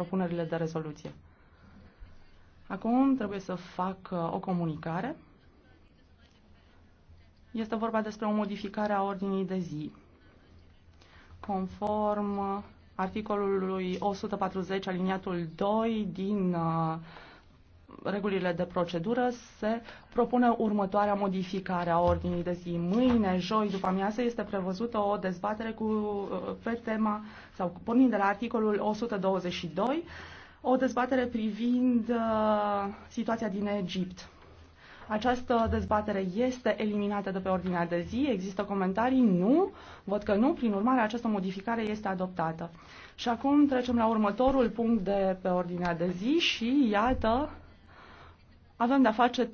propunerile de rezoluție. Acum trebuie să fac uh, o comunicare. Este vorba despre o modificare a ordinii de zi. Conform uh, articolului 140 aliniatul 2 din uh, regulile de procedură se propune următoarea modificare a ordinii de zi. Mâine, joi, după amiază, este prevăzută o dezbatere cu, pe tema, sau pornind de la articolul 122, o dezbatere privind uh, situația din Egipt. Această dezbatere este eliminată de pe ordinea de zi. Există comentarii? Nu. Văd că nu. Prin urmare, această modificare este adoptată. Și acum trecem la următorul punct de pe ordinea de zi și iată avem de-a face